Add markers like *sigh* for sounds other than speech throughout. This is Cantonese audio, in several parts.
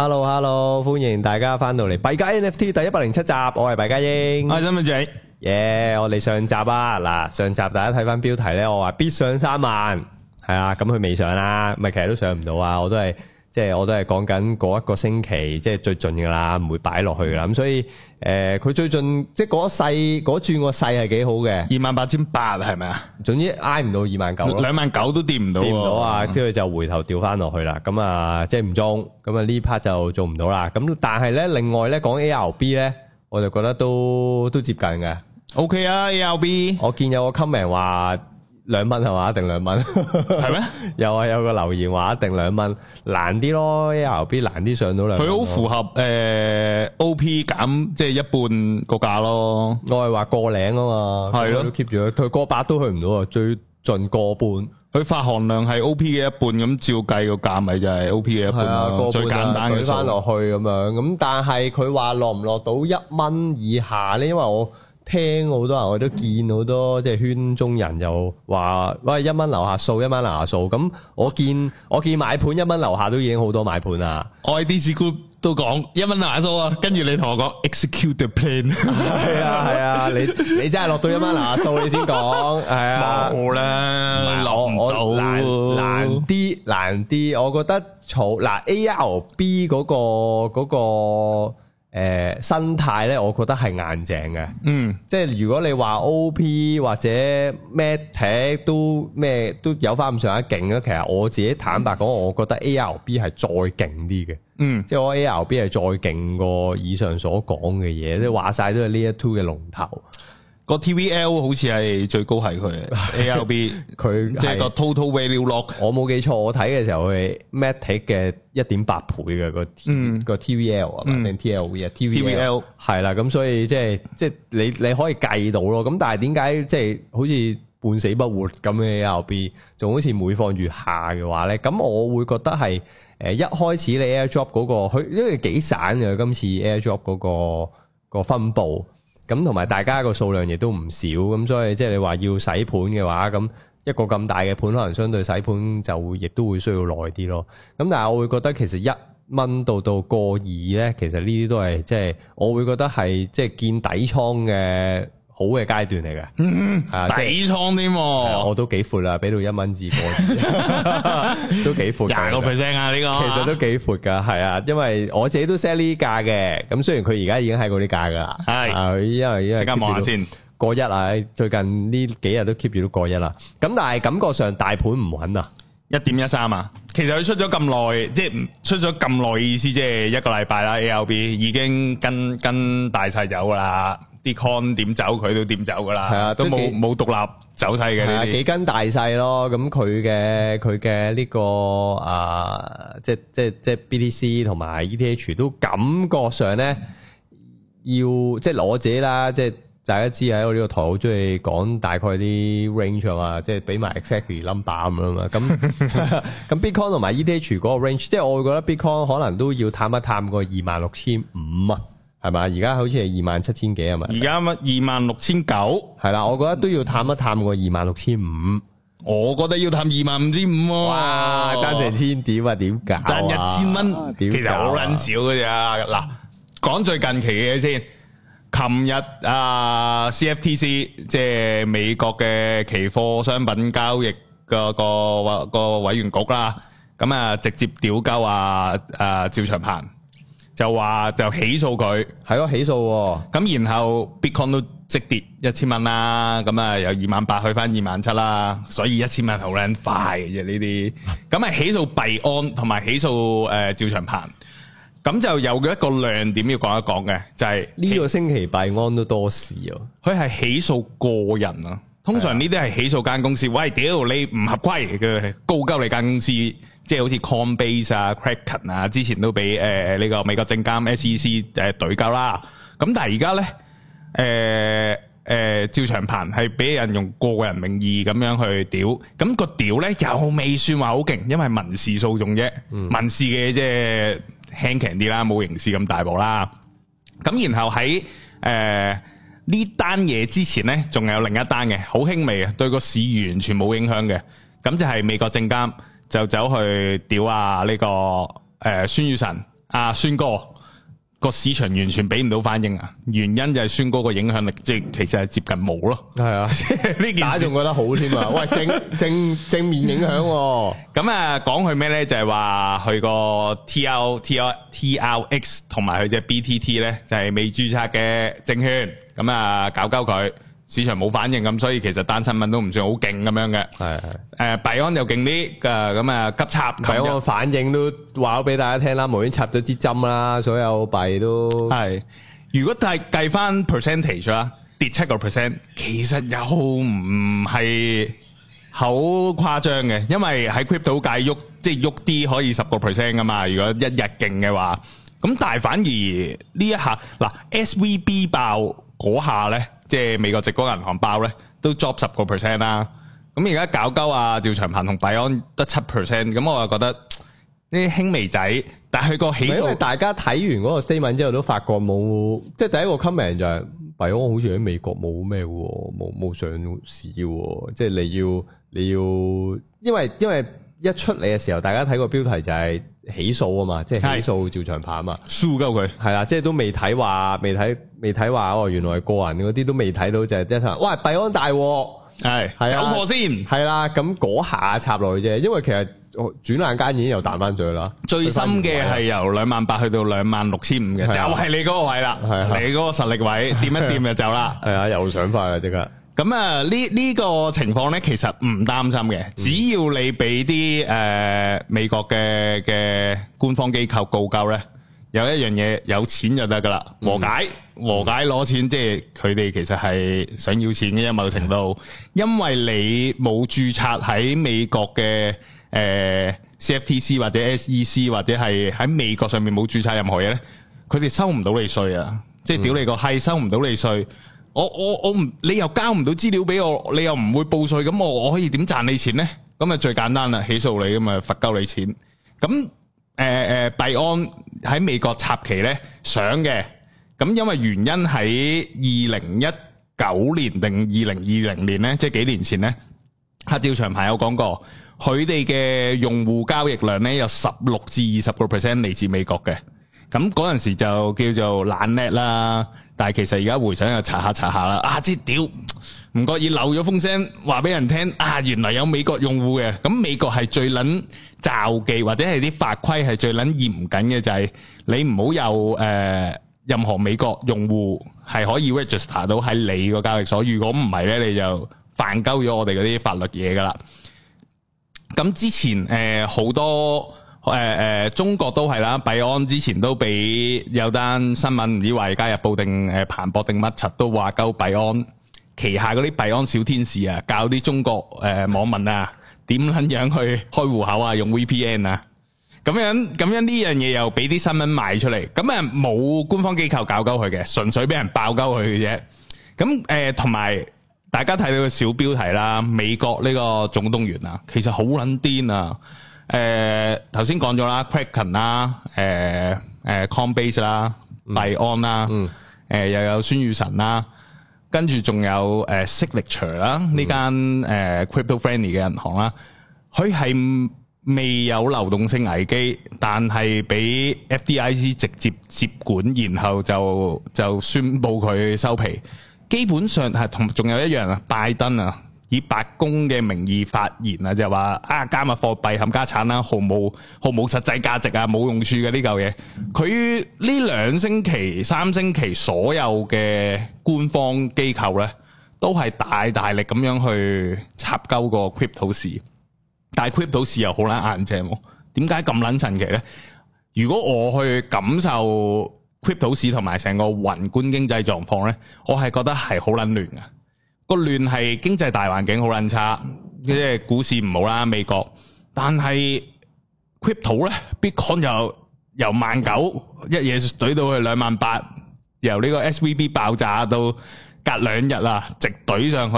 hello hello 歡迎大家翻到嚟幣加 NFT 第一百零七集，我係幣加鷹，Hi, yeah, 我係張文靜，耶！我哋上集啊，嗱上集大家睇翻標題呢，我話必上三萬，係啊，咁佢未上啦，咪其實都上唔到啊，我都係。即係我都係講緊嗰一個星期，即係最近㗎啦，唔會擺落去㗎啦。咁所以誒，佢最近即係嗰勢嗰轉個勢係幾好嘅，二萬八千八係咪啊？總之挨唔到二萬九，兩萬九都掂唔到，掂唔到啊！之後就回頭掉翻落去啦。咁啊，即係唔中，咁啊呢 part 就做唔到啦。咁但係咧，另外咧講 A R B 咧，我就覺得都都接近嘅。O K 啊，A R B，我見有個 comment 話。兩蚊係嘛？兩一定兩蚊係咩？有啊，有個留言話一定兩蚊難啲咯，A、B 難啲上到兩。佢好符合誒，O、呃、P 減即係一半個價咯。我係話過嶺啊嘛，係咯 keep 住佢，佢過百都去唔到啊，最盡過半。佢發行量係 O、P 嘅一半咁，照計個價咪就係 O、P 嘅一半咯。半就是、最簡單嘅數翻落去咁樣，咁但係佢話落唔落到一蚊以下咧？因為我。聽好多人，我都見好多即係圈中人又話喂，一蚊樓下掃，一蚊拿下掃，咁我見我見買盤一蚊樓下都已經好多買盤啦。我喺 Discord 都講一蚊拿下掃啊，跟住你同我講 execute the plan 係啊係啊，你你真係落到一蚊拿下掃你先講係啊冇啦，攞唔到難啲難啲，我覺得炒嗱 A R B 嗰個嗰個。誒、呃、生態咧，我覺得係硬淨嘅，嗯，即係如果你話 OP 或者 Matic 都咩都有翻咁上下勁咧，其實我自己坦白講，我覺得 ARB 係再勁啲嘅，嗯，即係我 ARB 係再勁過以上所講嘅嘢，即係話晒都係 Layer two 嘅龍頭。個 TVL 好似係最高係佢 ALB，佢即係個 total value lock。我冇記錯，我睇嘅時候係 Matic 嘅一點八倍嘅個個 TVL，唔定 TLV 啊 TVL 係啦，咁所以即係即係你你可以計到咯。咁但係點解即係好似半死不活咁嘅 ALB，仲好似每況愈下嘅話咧？咁我會覺得係誒一開始你 air drop 嗰、那個，佢因為幾散嘅今次 air drop 嗰個個分布。咁同埋大家個數量亦都唔少，咁所以即係你話要洗盤嘅話，咁一個咁大嘅盤，可能相對洗盤就會亦都會需要耐啲咯。咁但係我會覺得其實一蚊到到個二呢，其實呢啲都係即係我會覺得係即係見底倉嘅。好嘅階段嚟嘅，底倉添，我都幾闊啦，俾到一蚊紙過，都幾闊，廿六 percent 啊，呢個，其實都幾闊噶，係啊，因為我自己都 set 呢啲價嘅，咁雖然佢而家已經喺嗰啲價噶啦，係，因為因為，即刻望下先，過一啊，最近呢幾日都 keep 住都過一啦，咁但係感覺上大盤唔穩啊，一點一三啊，其實佢出咗咁耐，即係出咗咁耐，意思即係一個禮拜啦，ALB 已經跟跟大市走噶啦。啲 coin 點走佢都點走噶啦，係啊，都冇冇幾獨立走勢嘅。係、啊、些幾斤大細咯？咁佢嘅佢嘅呢個啊，即即即 BTC 同埋 ETH 都感覺上咧，要即攞者啦。即大家知喺我呢個台好中意講大概啲 range 啊嘛，即俾埋 exactly number 咁啊嘛。咁咁 Bitcoin 同埋 ETH 嗰個 range，即、就是、我會覺得 Bitcoin 可能都要探一探個二萬六千五啊。係嘛？而家好似係二萬七千幾係咪？而家乜二萬六千九？係啦，我覺得都要探一探過二萬六千五。我覺得要探二萬五千五。哇！爭成千點啊？點搞？爭一千蚊，其實好撚少噶咋。嗱，講最近期嘅先，琴日啊，CFTC 即係美國嘅期貨商品交易個個個委員局啦，咁啊直接屌鳩啊誒趙長鵬。就話就起訴佢，係咯，起訴，咁然後 Bitcoin 都即跌一千蚊啦，咁啊由二萬八去翻二萬七啦，所以一千蚊好捻快嘅啫，呢啲，咁啊起訴幣安同埋起訴誒趙長鵬，咁就有佢一個亮點要講一講嘅，就係呢個星期幣安都多事啊。佢係起訴個人啊，通常呢啲係起訴間公司，喂，屌你唔合規嘅，告鳩你間公司。即係好似 Coinbase 啊、Cracken 啊，之前都俾誒呢個美國證監 SEC 誒、呃、懟鳩啦。咁但係而家咧誒誒，趙、呃呃、長鵬係俾人用個人名義咁樣去屌，咁個屌咧又未算話好勁，因為民事訴訟啫，嗯、民事嘅即係輕強啲啦，冇刑事咁大波啦。咁然後喺誒呢單嘢之前咧，仲有另一單嘅好輕微嘅，對個市完全冇影響嘅。咁就係美國證監。就走去屌、這個呃、啊呢個誒孫宇晨，阿孫哥個市場完全俾唔到反應啊，原因就係孫哥個影響力即其實係接近冇咯係啊呢 *laughs* 件事仲覺得好添啊喂正 *laughs* 正正，正面影響咁啊講佢咩咧就係話佢個 TR TRX 同埋佢隻 BTT 咧就係未注冊嘅證券咁啊、嗯、搞搞佢。市場冇反應咁，所以其實單新聞都唔算好勁咁樣嘅。係是是、呃，誒幣安又勁啲㗎，咁啊急插，唔係反應都話咗俾大家聽啦，無端插咗支針啦，所有幣都係。如果計計翻 percentage 啦，跌七個 percent，其實又唔係好誇張嘅，因為喺 crypto 界喐，即係喐啲可以十個 percent 噶嘛。如果一日勁嘅話，咁但係反而呢一下嗱，S V B 爆嗰下咧。即係美國直股銀行包咧，都 drop 十個 percent 啦。咁而家搞鳩啊，趙長鵬同幣安得七 percent。咁我又覺得呢啲輕微仔。但係佢個起訴，大家睇完嗰個 statement 之後都發覺冇，即係第一個 comment 就係、是、幣安好似喺美國冇咩嘅，冇冇上市。即係你要你要，因爲因爲一出嚟嘅時候，大家睇個標題就係起訴啊嘛，即係起訴趙長鵬啊嘛，輸鳩佢係啦，即係都未睇話未睇。未睇話哦，原來個人嗰啲都未睇到，就係一睇。喂，幣安大鑊，係係是、啊、走貨先，係啦、啊。咁嗰下插落去啫，因為其實我轉眼間已經又彈翻去啦。最深嘅係由兩萬八去到兩萬六千五嘅，啊、就係你嗰個位啦，係、啊、你嗰個實力位，掂、啊、一掂就走啦。係啊，又想快啊，即刻。咁啊，呢、這、呢個情況咧，其實唔擔心嘅，嗯、只要你俾啲誒美國嘅嘅官方機構告鳩咧，有一樣嘢有錢就得噶啦，和解。和解攞錢，即係佢哋其實係想要錢嘅某程度，因為你冇註冊喺美國嘅誒、呃、CFTC 或者 SEC 或者係喺美國上面冇註冊任何嘢咧，佢哋收唔到你稅啊！嗯、即係屌你個閪，收唔到你稅，我我我唔，你又交唔到資料俾我，你又唔會報稅，咁我我可以點賺你錢咧？咁啊最簡單啦，起訴你咁啊罰鳩你錢。咁誒誒，幣、呃、安喺美國插旗咧，想嘅。咁因為原因喺二零一九年定二零二零年咧，即係幾年前咧，黑照長排有講過，佢哋嘅用戶交易量咧有十六至二十個 percent 嚟自美國嘅。咁嗰陣時就叫做懶叻啦，但係其實而家回想又查下查下啦，啊，即係屌，唔覺意漏咗風聲話俾人聽，啊，原來有美國用戶嘅。咁美國係最捻招忌，或者係啲法規係最捻嚴謹嘅，就係你唔好又誒。任何美國用戶係可以 register 到喺你個交易所，如果唔係咧，你就犯鳩咗我哋嗰啲法律嘢噶啦。咁之前誒好、呃、多誒誒、呃呃，中國都係啦，幣安之前都俾有單新聞，以為加入布定誒，彭博定乜柒，都話鳩幣安旗下嗰啲幣安小天使啊，教啲中國誒、呃、網民啊，點捻樣去開戶口啊，用 VPN 啊。咁樣咁樣呢樣嘢又俾啲新聞賣出嚟，咁啊冇官方機構搞鳩佢嘅，純粹俾人爆鳩佢嘅啫。咁誒同埋大家睇到個小標題啦，美國呢個總動員啊，其實好撚癲啊！誒、呃、頭先講咗啦，Kraken 啦，誒、呃、誒、呃、Coinbase 啦，幣、嗯、安啦，誒、嗯呃、又有孫宇晨啦，跟住仲有誒、呃、Silicure 啦，呢、嗯、間誒、呃、CryptoFriendly 嘅銀行啦，佢係。未有流動性危機，但係俾 FDIC 直接接管，然後就就宣布佢收皮。基本上係同，仲有一樣啊，拜登啊，以白宮嘅名義發言，就係、啊，就話啊加密貨幣冚家鏟啦，毫無毫無實際價值啊，冇用處嘅呢嚿嘢。佢呢兩星期、三星期所有嘅官方機構呢，都係大大力咁樣去插鳩個 crypto 市。.但係 Crypto 市又好捻硬淨，點解咁捻神奇咧？如果我去感受 Crypto 市同埋成個宏觀經濟狀況咧，我係覺得係好捻亂嘅。個亂係經濟大環境好捻差，即係股市唔好啦，美國。但係 Crypto 咧，Bitcoin 又由萬九一嘢懟到去兩萬八，由呢個 SVB 爆炸到隔兩日啦，直懟上去。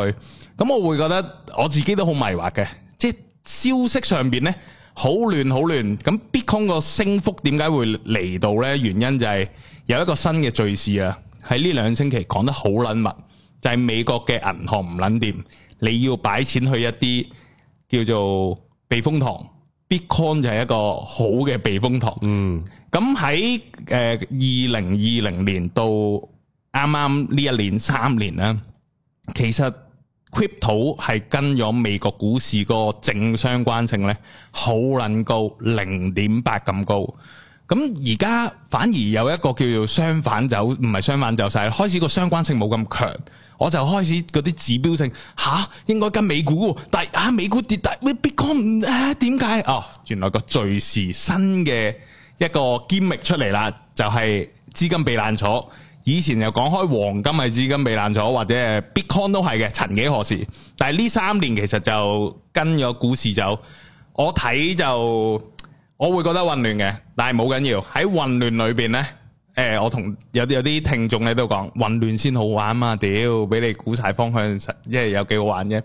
咁我會覺得我自己都好迷惑嘅，即係。消息上邊咧，好亂好亂，咁 Bitcoin 個升幅點解會嚟到咧？原因就係有一個新嘅敘事啊！喺呢兩星期講得好捻密，就係、是、美國嘅銀行唔捻掂，你要擺錢去一啲叫做避風塘，Bitcoin 就係一個好嘅避風塘。嗯，咁喺誒二零二零年到啱啱呢一年三年咧，其實。Crypto 係跟咗美國股市個正相關性咧，好撚高，零點八咁高。咁而家反而有一個叫做相反走，唔係相反走曬，開始個相關性冇咁強，我就開始嗰啲指標性吓，應該跟美股，但係啊美股跌但係 Bitcoin 點解？哦、啊，原來個最時新嘅一個 gimmick 出嚟啦，就係、是、資金避難所。以前又講開黃金係資金避難所，或者 bitcoin 都係嘅，曾幾何時？但係呢三年其實就跟咗股市走，我睇就我會覺得混亂嘅。但係冇緊要，喺混亂裏邊呢，誒、呃，我同有啲有啲聽眾喺度講，混亂先好玩嘛，屌俾你估晒方向，實即係有幾好玩啫。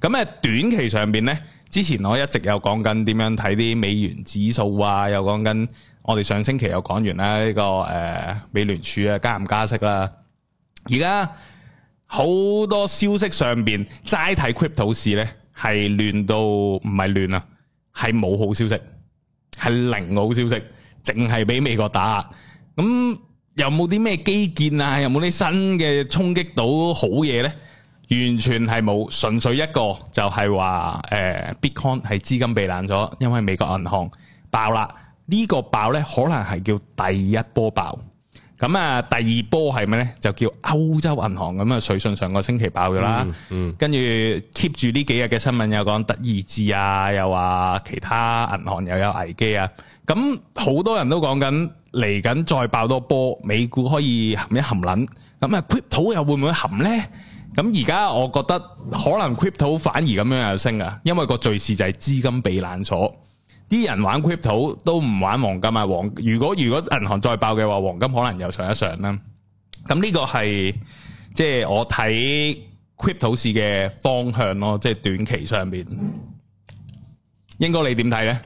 咁誒短期上邊呢，之前我一直又講緊點樣睇啲美元指數啊，又講緊。我哋上星期又講完啦、這個，呢個誒美聯儲啊加唔加息啦，而家好多消息上邊齋睇 Crypto 市咧，係亂到唔係亂啊，係冇好消息，係零好消息，淨係俾美國打。咁有冇啲咩基建啊？有冇啲新嘅衝擊到好嘢咧？完全係冇，純粹一個就係話誒 Bitcoin 係資金避難咗，因為美國銀行爆啦。呢個爆呢，可能係叫第一波爆。咁啊，第二波係咩呢？就叫歐洲銀行咁啊，瑞信上個星期爆咗啦，嗯。嗯，跟住 keep 住呢幾日嘅新聞，又講德意志啊，又話其他銀行又有危機啊。咁好多人都講緊嚟緊再爆多波，美股可以含一含撚。咁啊，crypto 又會唔會含呢？咁而家我覺得可能 crypto 反而咁樣又升啊，因為個敘事就係資金避難所。啲人玩 crypto 都唔玩黃金嘛。黃如果如果銀行再爆嘅話，黃金可能又上一上啦。咁呢個係即係我睇 crypto 市嘅方向咯，即係短期上邊。鷹哥你點睇呢？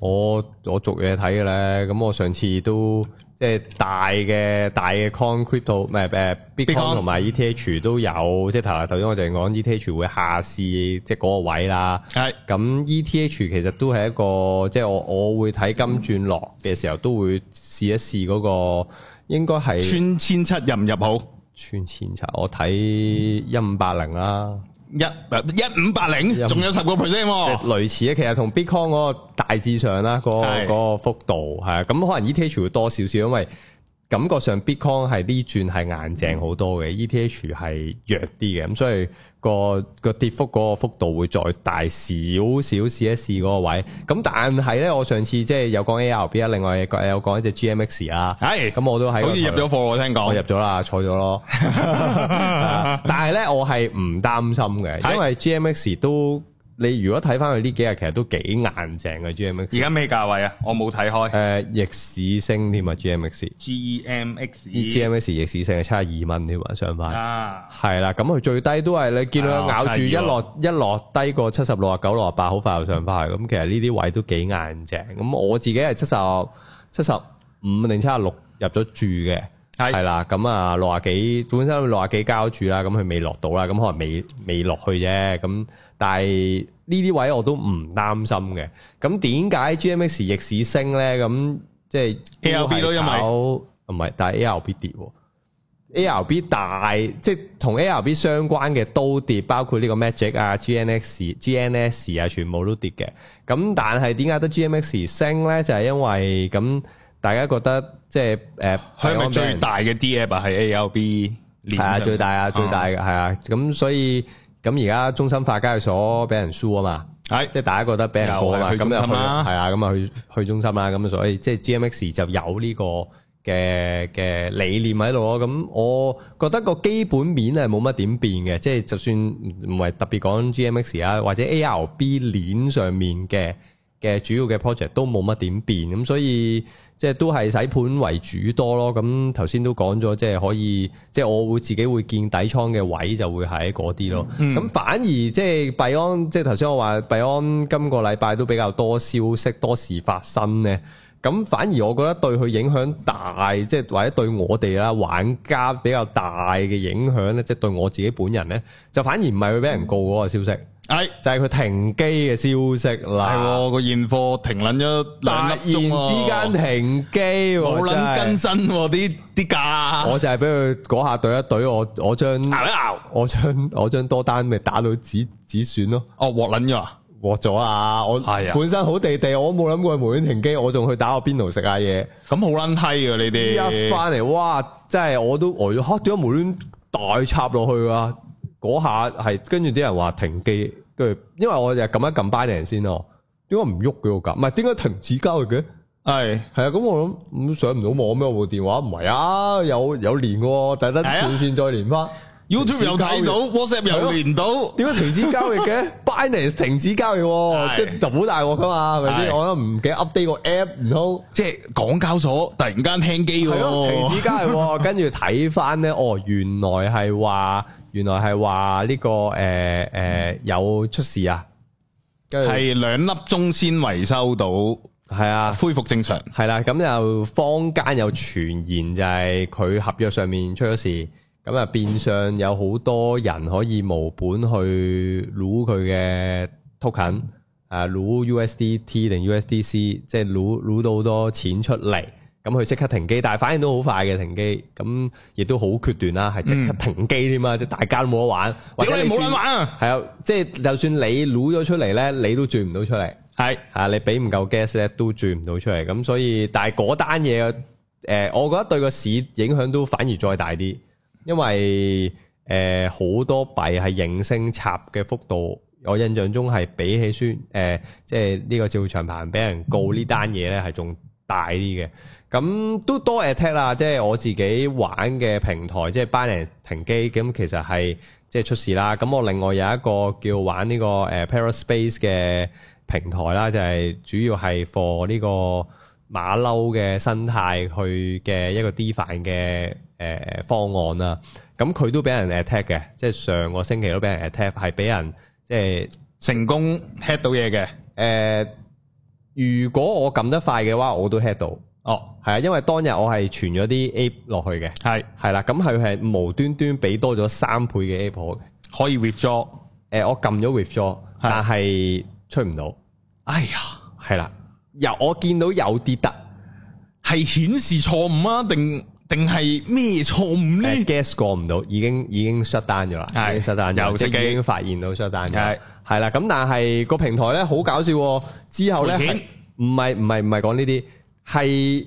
我我逐嘢睇嘅咧，咁我上次都。即係大嘅大嘅 coin crypto 唔係誒 Bitcoin 同埋 ETH 都有。即係頭頭先我就係講 ETH 會下試，即係嗰個位啦。係咁，ETH 其實都係一個，即係我我會睇金轉落嘅時候都會試一試嗰個，應該係穿千七入唔入好？穿千七，我睇一五八零啦。一一五八零，仲有十個 percent 喎。即、啊、係類似啊，其實同 Bitcoin 嗰個大致上啦，嗰、那個、是的 個幅度係啊，咁可能 Ethereum 會多少少，因為。感覺上 Bitcoin 係呢轉係硬淨好多嘅，ETH 係弱啲嘅，咁所以個個跌幅嗰個幅度會再大少少試一試嗰個位。咁但係咧，我上次即係有講 ARB 啊，另外有講一隻 GMX 啊，係，咁我都係好似入咗貨，我聽講，我入咗啦，坐咗咯。但係咧，我係唔擔心嘅，因為 GMX 都。你如果睇翻佢呢幾日，其實都幾硬淨嘅 G M X。而家咩價位啊？我冇睇開。誒、呃、逆市升添啊 X！G M X。G M X G M S 逆市升係七十二蚊添啊！上翻。啊。係啦，咁佢最低都係你見到佢咬住一落、哎、喲一落低過七十六啊九六啊八，好快就上翻去。咁、嗯、其實呢啲位都幾硬淨。咁我自己係七十七十五定七十六入咗住嘅。係係啦，咁啊六廿幾，本身六廿幾交住啦，咁佢未落到啦，咁可能未未落去啫，咁但係呢啲位我都唔擔心嘅。咁點解 GMX 逆市升咧？咁即係 ALB 都因為唔係，但係 ALB 跌喎，ALB 大即係同 ALB 相關嘅都跌，包括呢個 Magic 啊、GNX、GNX 啊，全部都跌嘅。咁但係點解得 GMX 升咧？就係因為咁大家覺得。即係誒，係咪、啊、最大嘅 DApp 係 ALB？係啊，最大、嗯、最大啊，最大嘅係啊。咁所以咁而家中心化交易所俾人輸啊嘛，係是即係大家覺得俾人過啊嘛。咁啊，啊，係啊，咁啊去去中心啦。咁所以即係 G M X 就有呢個嘅嘅理念喺度咯。咁我覺得個基本面係冇乜點變嘅。即、就、係、是、就算唔係特別講 G M X 啊，或者 A L B 鏈上面嘅嘅主要嘅 project 都冇乜點變。咁所以。即係都係洗盤為主多咯，咁頭先都講咗，即係可以，即係我會自己會建底倉嘅位就會喺嗰啲咯。咁、嗯、反而即係幣安，即係頭先我話幣安今個禮拜都比較多消息多事發生咧。咁反而我覺得對佢影響大，即係或者對我哋啦玩家比較大嘅影響咧，即係對我自己本人咧，就反而唔係會俾人告嗰個消息，係就係佢停機嘅消息啦。係個現貨停撚咗，突然之間停機，冇撚更新喎啲啲價。我就係俾佢嗰下懟一懟我，我將， *laughs* 我將我將多單咪打到止止損咯。哦，獲撚咗！獲咗啊！我係啊，本身好地地，我冇諗過無端停機，我仲去打個邊爐食下嘢，咁好卵閪噶你哋。一翻嚟，哇！真係我都呆、呃、咗，哈？點解無端大插落去啊？嗰下係，跟住啲人話停機，跟住，因為我就撳一撳 buying 先咯，點解唔喐佢個架？唔係，點解停止交易嘅？係係啊，咁我諗上唔到網咩？我、嗯、我部電話唔係啊，有有連第一等斷線再連翻。YouTube 又睇到，WhatsApp 又連到，點解停止交易嘅？Binance 停止交易，即係就好大鑊噶嘛？係咪先？我都唔記得 update 個 app，唔通，即係港交所突然間停機？係咯，停止交易。跟住睇翻咧，哦，原來係話，原來係話呢個誒誒有出事啊！係兩粒鐘先維修到，係啊，恢復正常。係啦，咁又坊間有傳言就係佢合約上面出咗事。咁啊，變相有好多人可以無本去擼佢嘅 token，啊，擼 USDT 定 USDC，即係擼擼到好多錢出嚟。咁佢即刻停機，但係反應都好快嘅停機，咁亦都好決斷啦，係即刻停機添啊！嗯、即大家都冇得玩，屌你冇人玩啊！係啊，即係就算你擼咗出嚟咧，你，轉，係，你都轉唔到出嚟，係啊，你俾唔夠 gas 咧都轉唔到出嚟。咁所以，但係嗰單嘢，誒，我覺得對個市影響都反而再大啲。因為誒好、呃、多幣係應聲插嘅幅度，我印象中係比起宣誒、呃，即係呢個趙長鵬俾人告呢單嘢咧係仲大啲嘅。咁、嗯嗯嗯、都多嘢聽啦，即係我自己玩嘅平台，即係 Binance 停機，咁其實係即係出事啦。咁我另外有一個叫玩呢個誒 Paraspace 嘅平台啦，就係、是、主要係 for 呢個馬騮嘅生態去嘅一個 DeFi 嘅。誒、呃、方案啦、啊，咁佢都俾人 attack 嘅，即係上個星期都俾人 attack，係俾人即係成功 hit 到嘢嘅。誒、呃，如果我撳得快嘅話，我都 hit 到。哦，係啊，因為當日我係傳咗啲 Ape 落去嘅，係係啦。咁佢係無端端俾多咗三倍嘅 Ape 可以 withdraw。誒、呃，我撳咗 withdraw，的但係出唔到。哎呀，係啦，由我見到有跌得，係顯示錯誤啊定？定係咩錯誤咧？Gas 過唔到，已經已經 shut down 咗啦，已經 shut down，又已經發現到 shut down，係係啦。咁但係個平台咧好搞笑，之後咧唔係唔係唔係講呢啲，係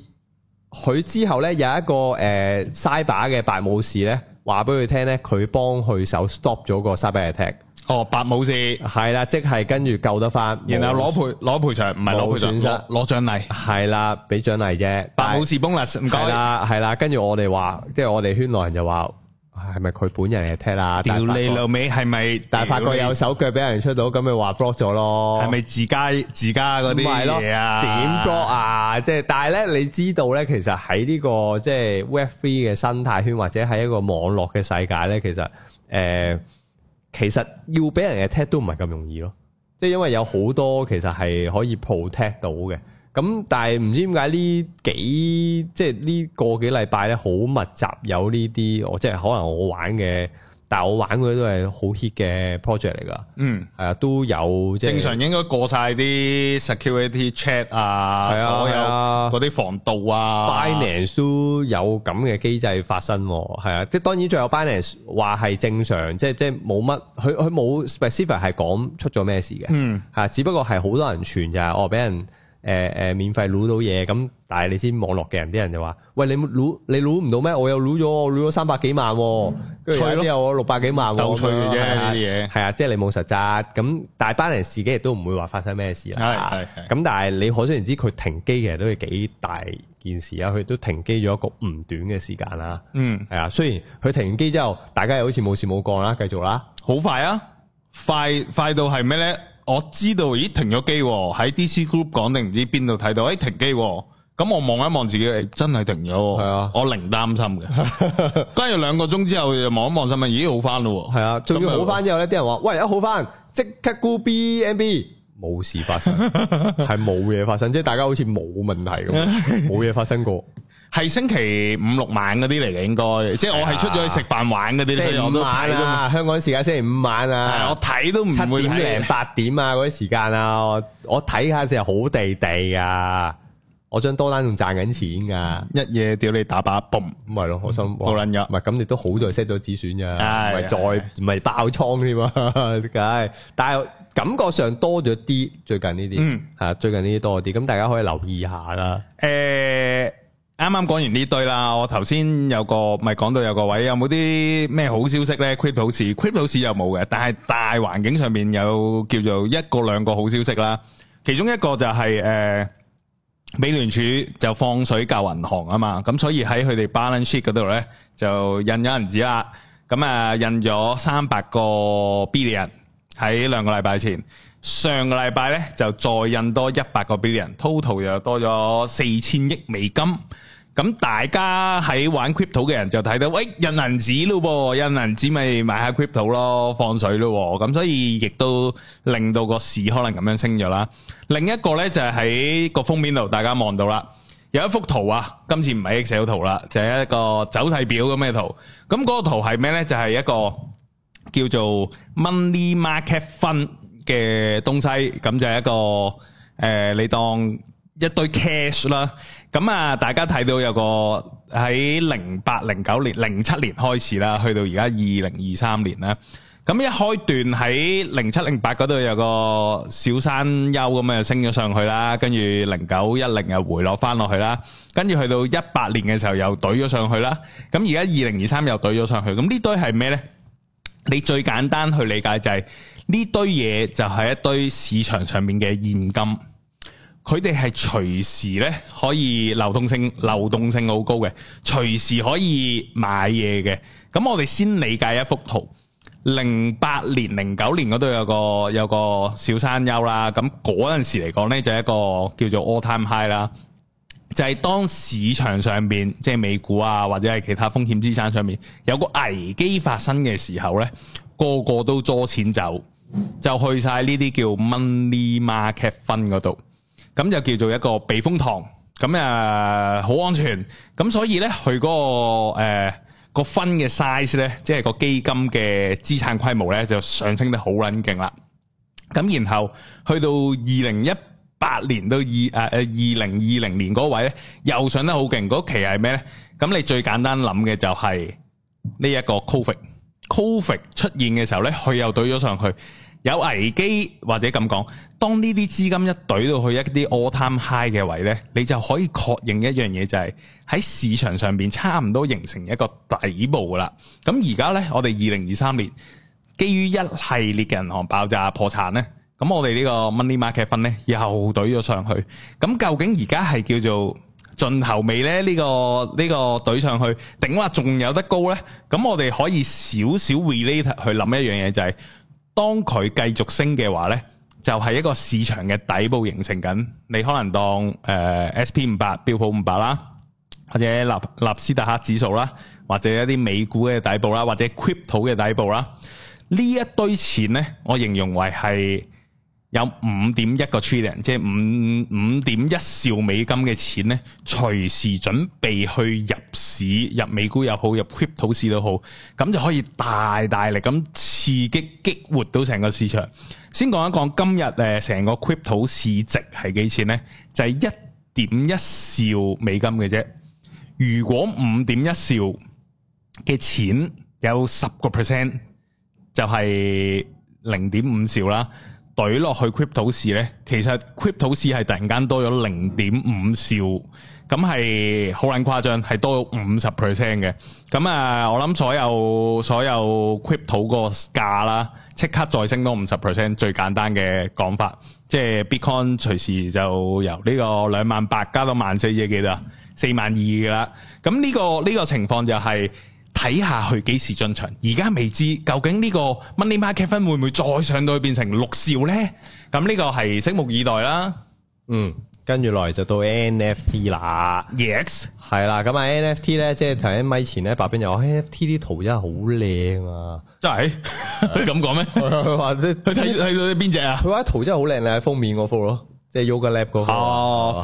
佢之後咧有一個誒 cyber 嘅白武士咧，話俾佢聽咧，佢幫佢手 stop 咗個 cyber attack。哦，白武士係啦，即係跟住救得翻，然後攞賠攞賠償，唔係攞賠償，攞獎勵係啦，俾獎勵啫。白武士崩啦，唔夠啦，係啦，跟住我哋話，即係我哋圈內人就話，係咪佢本人嚟踢啊？屌你老味係咪？但係發覺，有手腳俾人出到，咁咪話 block 咗咯？係咪自家，自家嗰啲嘢啊？點 block 啊？即係但係咧，你知道咧，其實喺呢個即係 Web 3嘅生態圈，或者喺一個網絡嘅世界咧，其實誒。其實要俾人嘅 attack 都唔係咁容易咯，即係因為有好多其實係可以 protect 到嘅，咁但係唔知點解呢幾即係呢個幾禮拜咧好密集有呢啲，我即係可能我玩嘅。但係我玩啲都係好 hit 嘅 project 嚟噶，嗯，係啊，都有、就是、正常應該過晒啲 security check 啊，係啊，所有嗰啲、啊、防盜啊 Binance 都有咁嘅機制發生，係啊，即係、啊、當然仲有 Binance 話係正常，即係即係冇乜，佢佢冇 specific 係講出咗咩事嘅，嗯，嚇，只不過係好多人傳就係我俾人。誒誒、呃呃，免費擼到嘢咁，但係你知網絡嘅人，啲人就話，喂，你擼你擼唔到咩？我又擼咗，我擼咗三百幾萬，啊，跟住你又，又六百幾萬，夠吹嘅啫呢啲嘢。係啊，即係你冇實質。咁大班人自己亦都唔會話發生咩事啊。咁但係你可想而知，佢停機其實都係幾大件事啊。佢都停機咗一個唔短嘅時間啦。嗯。係啊，雖然佢停完機之後，大家又好似冇事冇乾啦，繼續啦。好快啊！快快到係咩咧？我知道，咦停咗機喎，喺 DC Group 講定唔知邊度睇到，哎停機，咁我望一望自己，欸、真係停咗。係啊，我零擔心嘅。跟住兩個鐘之後又望一望，新聞，已經好翻咯。係啊，仲要好翻之後咧，啲人話喂，一好翻即刻沽 BNB，冇事發生，係冇嘢發生，即係大家好似冇問題咁，冇嘢發生過。係星期五六晚嗰啲嚟嘅，應該即係我係出咗去食飯玩嗰啲，所以我都睇都香港時間星期五晚啊，我睇都唔會零八點啊嗰啲時間啊，我睇下成日好地地啊。我張多單仲賺緊錢噶，一夜屌你打把泵，咁係咯，我心冇捻噶，唔係咁你都好在 set 咗止損啫，唔係再唔係爆倉添啊，唉，但係感覺上多咗啲最近呢啲，係最近呢啲多啲，咁大家可以留意下啦，誒。啱啱講完呢堆啦，我頭先有個咪講到有個位，有冇啲咩好消息咧？Crypto 市，Crypto 市又冇嘅，但係大環境上面有叫做一個兩個好消息啦。其中一個就係誒，美聯儲就放水救銀行啊嘛，咁所以喺佢哋 balance sheet 嗰度咧就印咗銀紙啦。咁啊印咗三百個 billion 喺兩個禮拜前，上個禮拜咧就再印多一百個 billion，total 又多咗四千億美金。咁大家喺玩 crypto 嘅人就睇到，喂，印銀紙咯噃，印銀紙咪買下 crypto 咯，放水咯，咁所以亦都令到個市可能咁樣升咗啦。另一個咧就係喺個封面度，大家望到啦，有一幅圖啊，今次唔係 Excel 圖啦，就係一個走勢表咁嘅圖。咁嗰個圖係咩咧？就係一個叫做 Money Market Fund 嘅東西，咁就係一個誒，你當一堆 cash 啦。咁啊，大家睇到有個喺零八零九年、零七年開始啦，去到而家二零二三年啦。咁一開段喺零七零八嗰度有個小山丘咁啊，升咗上去啦。跟住零九一零又回落翻落去啦。跟住去到一八年嘅時候又堆咗上去啦。咁而家二零二三又堆咗上去。咁呢堆係咩呢？你最簡單去理解就係呢堆嘢就係一堆市場上面嘅現金。佢哋係隨時咧可以流動性流動性好高嘅，隨時可以買嘢嘅。咁我哋先理解一幅圖。零八年、零九年嗰度有個有個小山丘啦。咁嗰陣時嚟講呢，就係一個叫做 all time high 啦。就係當市場上面即係美股啊，或者係其他風險資產上面有個危機發生嘅時候呢，個個都捉錢走，就去晒呢啲叫 money market fund 嗰度。咁就叫做一個避風塘，咁啊好安全，咁所以咧，佢嗰個誒個分嘅 size 咧，即係個基金嘅資產規模咧，就上升得好撚勁啦。咁然後去到二零一八年到二誒誒二零二零年嗰位咧，又上得好勁。嗰期係咩咧？咁你最簡單諗嘅就係呢一個 COVID COVID 出現嘅時候咧，佢又對咗上去。有危機或者咁講，當呢啲資金一攢到去一啲 all time high 嘅位呢，你就可以確認一樣嘢，就係喺市場上邊差唔多形成一個底部啦。咁而家呢，我哋二零二三年基於一系列嘅銀行爆炸破產呢，咁我哋呢個 money market 分呢又攢咗上去。咁究竟而家係叫做盡頭未咧？呢、這個呢、這個攢上去，頂話仲有得高呢。咁我哋可以少少 relate 去諗一樣嘢就係、是。當佢繼續升嘅話呢，就係、是、一個市場嘅底部形成緊。你可能當誒 S P 五百、呃、500，標普五百啦，或者納納斯達克指數啦，或者一啲美股嘅底部啦，或者 crypto 嘅底部啦，呢一堆錢呢，我形容為係。有五點一個 trillion，即係五五點一兆美金嘅錢咧，隨時準備去入市、入美股又好，入 crypto 市都好，咁就可以大大力咁刺激激活到成個市場。先講一講今日誒成個 crypto 市值係幾錢咧？就係一點一兆美金嘅啫。如果五點一兆嘅錢有十個 percent，就係零點五兆啦。懟落去 crypto 市咧，其實 crypto 市係突然間多咗零點五兆，咁係好撚誇張，係多咗五十 percent 嘅。咁啊，我諗所有所有 crypto 個價啦，即刻再升多五十 percent，最簡單嘅講法，即係 bitcoin 隨時就由呢個兩萬八加到萬四，即係幾多？四萬二噶啦。咁呢個呢個情況就係。睇下去幾時進場，而家未知究竟呢個 Money Market 分會唔會再上到去變成六兆咧？咁呢個係拭目以待啦。嗯，跟住來就到 NFT 啦。Yes，係啦。咁啊，NFT 咧，即係頭一米前咧，白兵又話 NFT 啲圖真係好靚啊！真係佢咁講咩？佢話、呃：，佢睇睇到邊隻啊？佢話：圖真係好靚，你喺封面嗰幅咯。即係 Yuga Lab 嗰、嗰個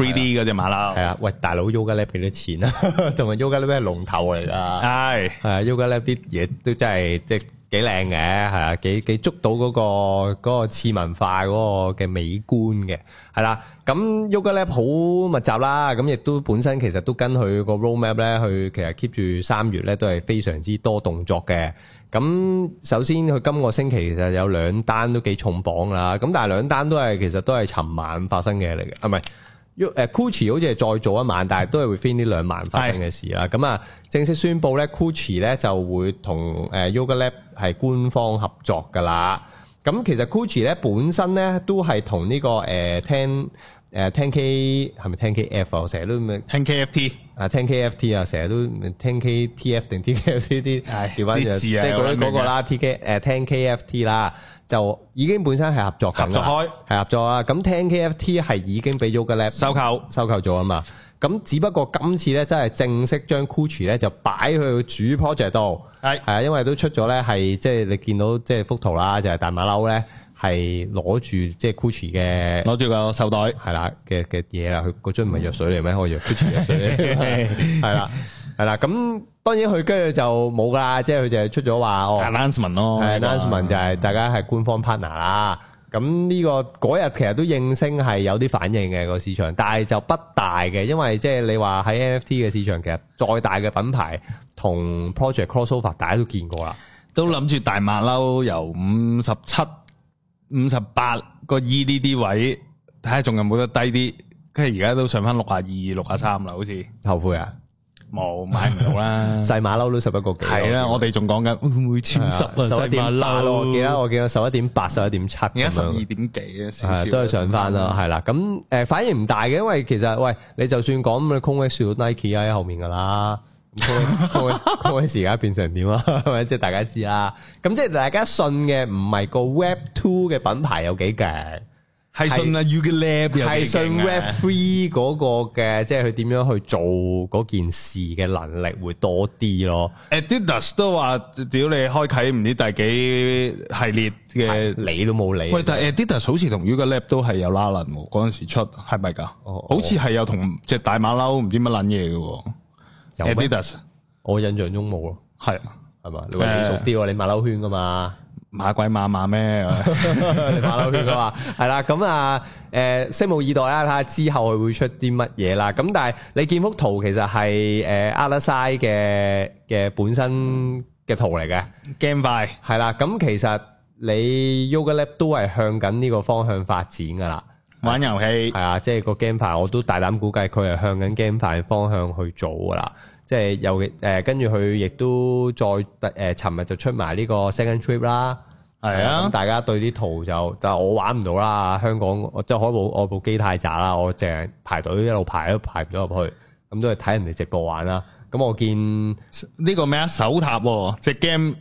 three、哦、D 嗰隻馬騮，係啊！喂，大佬 Yuga Lab 俾啲錢啊！同 *laughs* 埋 Yuga Lab 係龍頭嚟噶，係係 Yuga Lab 啲嘢都真係即係幾靚嘅，係啊，幾幾捉到嗰、嗰個、嗰個次文化嗰個嘅美觀嘅，係啦。咁 Yuga Lab 好密集啦，咁亦都本身其實都跟佢個 roadmap 咧，佢其實 keep 住三月咧都係非常之多動作嘅。咁首先佢今個星期其實有兩單都幾重磅啦，咁但係兩單都係其實都係尋晚發生嘅嘢嚟嘅，啊唔係，U 誒 Gucci 好似係再早一晚，但係都係會翻呢兩晚發生嘅事啦。咁啊的，正式宣布咧，Gucci 咧就會同誒 Yugalab 係官方合作噶啦。咁其實 Gucci 咧本身咧都係同呢個誒、呃、聽。誒，Ten K 係咪 Ten K F 啊？成日都咪 Ten K F T 啊？Ten K F T 啊？成日都咪 Ten K T F 定 Ten K C D？係，調翻就即係嗰嗰個啦。Ten K 誒，Ten K F T 啦，就已經本身係合作咁啦，係合作啊。咁 Ten K F T 係已經俾咗 Yuga Lab 收購收購咗啊嘛。咁只不過今次咧，真係正式將 Gucci 咧就擺去主 project 度係係啊，因為都出咗咧，係即係你見到即係幅圖啦，就係大馬騮咧。係攞住即係 Gucci 嘅，攞住個手袋係啦嘅嘅嘢啦，佢個樽唔係藥水嚟咩？我藥 Gucci 藥水，係啦係啦。咁當然佢跟住就冇噶啦，即係佢就出咗話哦，announcement 咯，announcement 就係大家係官方 partner 啦。咁呢個嗰日其實都應聲係有啲反應嘅個市場，但係就不大嘅，因為即係你話喺 NFT 嘅市場，其實再大嘅品牌同 Project Crossover 大家都見過啦，都諗住大馬騮由五十七。五十八個二呢啲位，睇下仲有冇得低啲，跟住而家都上翻六啊二、六啊三啦，好似後悔啊！冇買唔到啦，細馬騮都十一個幾，係啦，我哋仲講緊會唔會穿十？十一點八，我記得，我記得十一點八、十一點七，而家十二點幾都係上翻啦，係啦，哦，咁誒，反而唔大嘅，因為其實喂，你就算講咁嘅空位少，Nike 喺後面噶啦。嗰嗰嗰時而家變成點啊？即 *laughs* 係大家知啦。咁即係大家信嘅唔係個 Web Two 嘅品牌有幾勁，係信啊 Yugalab 係信 Web Three 嗰個嘅，即係佢點樣去做嗰件事嘅能力會多啲咯。Adidas 都話，屌你開啟唔知第幾系列嘅，你都冇理。喂，但係 Adidas 好似同 Yugalab 都係有拉倫嗰陣時出，係咪噶？Oh, oh. 好似係有同隻大馬騮唔知乜捻嘢嘅。Adidas，我印象中冇咯，係係嘛？你熟啲喎，你馬騮圈噶嘛？馬鬼馬馬咩？你馬騮圈噶嘛？係啦，咁啊，誒，拭目以待啦，睇下之後佢會出啲乜嘢啦。咁但係你見幅圖，其實係誒 Adidas 嘅嘅本身嘅圖嚟嘅，GameFi 係啦。咁其實你 Yugalab 都係向緊呢個方向發展噶啦。玩遊戲係啊，即、就、係、是、個 game 牌我都大膽估計佢係向緊 game 牌方向去做噶啦。即係有誒，跟住佢亦都再誒，尋、呃、日就出埋呢個 second trip 啦。係啊,啊、嗯，大家對啲圖就就我玩唔到啦。香港即係、就是、海部我部機太渣啦，我淨係排隊一路排都排唔到入去。咁、嗯、都係睇人哋直播玩啦。咁、嗯、我見呢個咩啊手塔即、啊、game。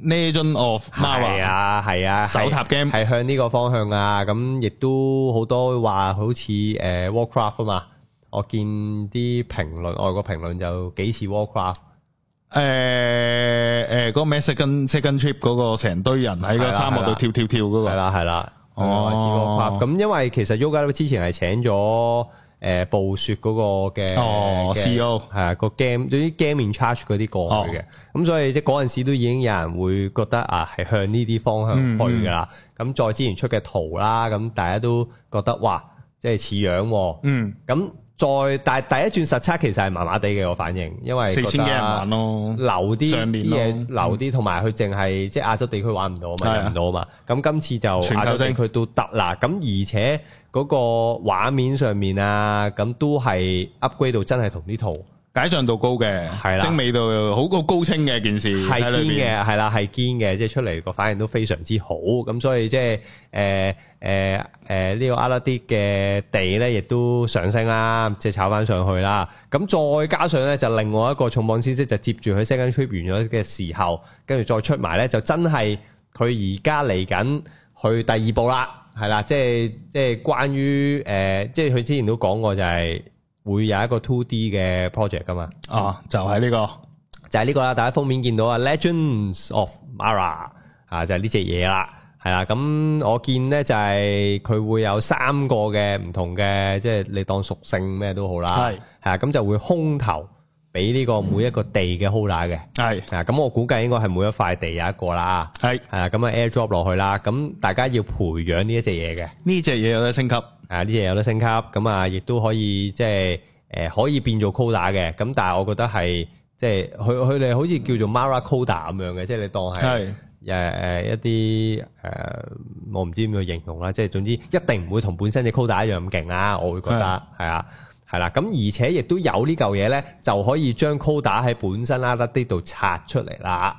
Nation of Mara 係啊係啊，守塔、啊、探 game 係向呢個方向啊，咁亦都多好多話好、呃、似誒 Warcraft 啊嘛，我見啲評論外國評論就幾似 Warcraft。誒誒、呃，嗰、呃、個 Second Second Trip 嗰、那個成堆人喺個沙漠度、啊啊、跳跳跳嗰、那個。係啦係啦。啊啊、哦。咁因為其實 Yuga 之前係請咗。誒暴雪嗰個嘅哦，C.O 係啊，個 game 對於 game in charge 啲過去嘅，咁所以即係嗰陣時都已經有人會覺得啊，係向呢啲方向去㗎啦。咁再之前出嘅圖啦，咁大家都覺得哇，即係似樣喎。嗯，咁再但係第一轉實測其實係麻麻地嘅個反應，因為四千幾人咯，流啲上面啲嘢流啲，同埋佢淨係即係亞洲地區玩唔到，玩唔到啊嘛。咁今次就亞洲地區都得啦。咁而且。嗰個畫面上面啊，咁都係 upgrade 到真係同啲圖解像度高嘅，係啦的，精美到好高高清嘅件事。係堅嘅，係啦係堅嘅，即係出嚟個反應都非常之好，咁所以即係誒誒誒呢個阿拉啲嘅地咧，亦都上升啦，即係炒翻上去啦，咁再加上咧就另外一個重磅消息，就接住佢 second trip 完咗嘅時候，跟住再出埋咧，就真係佢而家嚟緊去第二步啦。係啦，即係即係關於誒、呃，即係佢之前都講過，就係會有一個 two D 嘅 project 噶嘛。哦、啊，就係呢個，就係呢個啦。大家封面見到啊，Legends of Mara 啊，就係呢隻嘢啦。係啦，咁我見咧就係佢會有三個嘅唔同嘅，即係你當屬性咩都好啦。係，係啊，咁就會空投。俾呢個每一個地嘅 haul 打嘅，係、嗯、啊，咁我估計應該係每一塊地有一個啦，係係、嗯、啊，咁啊 air drop 落去啦，咁大家要培養呢一隻嘢嘅，呢隻嘢有得升級，啊呢隻有得升級，咁啊亦都可以即係誒、呃、可以變做 haul 打嘅，咁但係我覺得係即係佢佢哋好似叫做 mara haul 打咁樣嘅，即係你當係誒誒一啲誒、呃、我唔知點去形容啦，即係總之一定唔會同本身嘅 haul 打一樣咁勁啦，我會覺得係啊。係啦，咁而且亦都有呢嚿嘢咧，就可以將 Coda 喺本身啦，得呢度拆出嚟啦，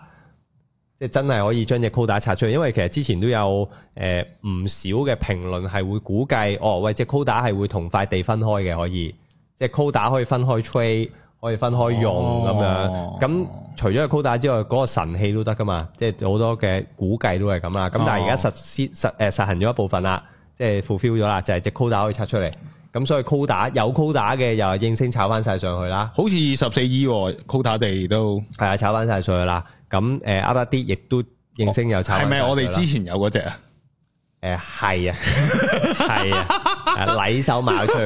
即、就、係、是、真係可以將隻 Coda 拆出嚟。因為其實之前都有誒唔、呃、少嘅評論係會估計，哦喂，隻 Coda 係會同塊地分開嘅，可以，隻 Coda 可以分開 trade 可以分開用咁、哦、樣。咁除咗個 Coda 之外，嗰、那個神器都得噶嘛，即係好多嘅估計都係咁啦。咁但係而家實施實誒實,實,實行咗一部分啦，即係 fulfill 咗啦，就係、是、隻 Coda 可以拆出嚟。咁所以 Koda 有 Koda 嘅又係應聲炒翻晒上去啦，好似十四億 Koda 地都係啊，炒翻晒上去啦。咁誒 Otherdeed 啲亦都應聲又炒，係咪、哦、我哋之前有嗰隻啊？誒係啊，係 *laughs* *laughs* 啊，離手賣出去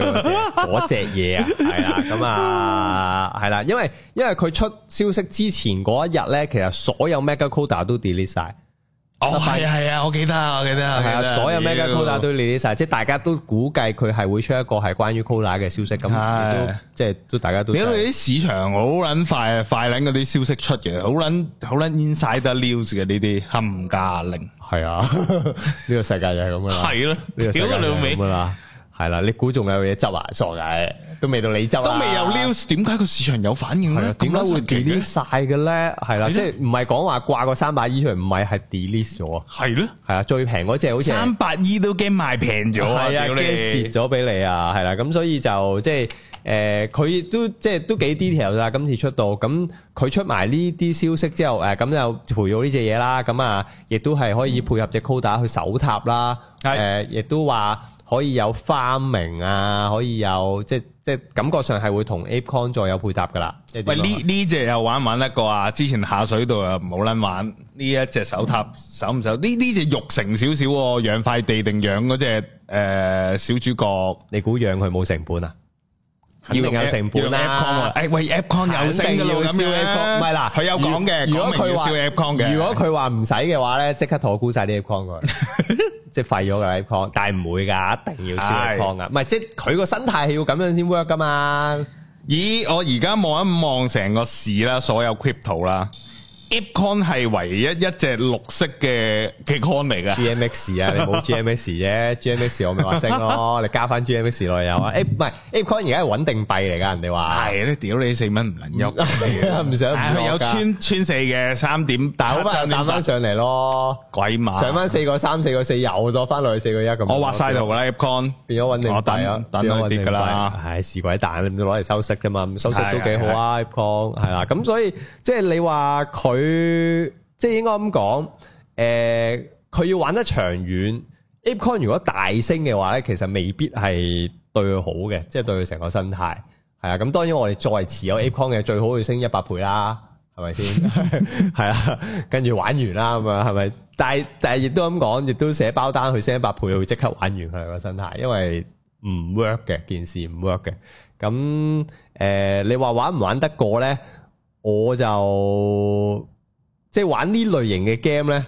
嗰隻嘢啊，係啊，咁啊，係啦，因為因為佢出消息之前嗰一日咧，其實所有 Mega Koda 都 delete 晒。哦，係啊，係啊，我記得啊，我記得啊，係啊，所有咩嘅 Koda 都會理晒，即係也大家都估計佢係會出一個係關於 Koda 嘅消息，咁都即係都大家都。你哋啲市場好捻快，快捻嗰啲消息出嘅，好捻好捻 inside news 嘅呢啲冚家令，係啊，呢個世界就係咁啦，係啦 *laughs* 的，屌你老味。係啦，你估仲有嘢執啊？傻仔，都未到你執啦。都未有 news，點解個市場有反應咧？點解會 delete 晒嘅咧？係啦，的的即係唔係講話掛個三百二出嚟，唔係係 delete 咗。係咯，係啊，最平嗰隻好似三百二都驚賣平咗，係啊，驚蝕咗俾你啊，係啦。咁所以就、呃、即係誒，佢都即係都幾 detail 啦。今次出到咁，佢出埋呢啲消息之後誒，咁、呃呃、就培育呢隻嘢啦。咁啊，亦都係可以配合隻 Koda 去守塔啦。係、啊、誒，亦、啊、都話。可以有花名啊，可以有即即感覺上係會同 ApeCoin 再有配搭噶啦。喂，呢呢隻又玩唔玩得過啊？之前下水道啊，冇撚玩呢一隻手塔守唔守？呢呢隻肉成少少，養塊地定養嗰隻誒小主角？你估養佢冇成本啊？要定有成本啊？ApeCoin，誒喂，ApeCoin 有成噶啦咁樣啊？唔係啦，佢有講嘅。如果佢話唔使嘅話咧，即刻同我估晒啲 ApeCoin 過嚟。即係廢咗嘅利空，但係唔會㗎， *noise* 一定要消利空㗎。唔係是即係佢個生態係要咁樣先 work 噶嘛？咦！我而家望一望成個市啦，所有 crypto 啦。Apecon 係唯一一隻綠色嘅嘅 coin 嚟噶 GMX 啊，你冇 GMX 啫，GMX 我咪話升咯，你加翻 GMX 咯又啊，誒唔係 ApeCoin 而家係穩定幣嚟噶，人哋話係你屌你四蚊唔撚喐，唔想有穿穿四嘅三點，但係好快慢慢上嚟咯，鬼馬上翻四個三四個四又多翻落去四個一咁，我話晒度啦，ApeCoin 變咗穩定幣啊，等佢跌噶啦，係蝕鬼蛋，你唔攞嚟收息噶嘛，收息都幾好啊，ApeCoin 係啦，咁所以即係你話佢。佢即係應該咁講，誒、呃，佢要玩得長遠，ApeCoin 如果大升嘅話咧，其實未必係對佢好嘅，即係對佢成個生態係啊。咁當然我哋再持有 ApeCoin 嘅，最好佢升一百倍啦，係咪先？係啊，跟住玩完啦，咁啊，係咪？但係但係亦都咁講，亦都寫包單去升一百倍，會即刻玩完佢個生態，因為唔 work 嘅件事唔 work 嘅。咁誒、呃，你話玩唔玩得過咧？我就。即係玩呢類型嘅 game 咧，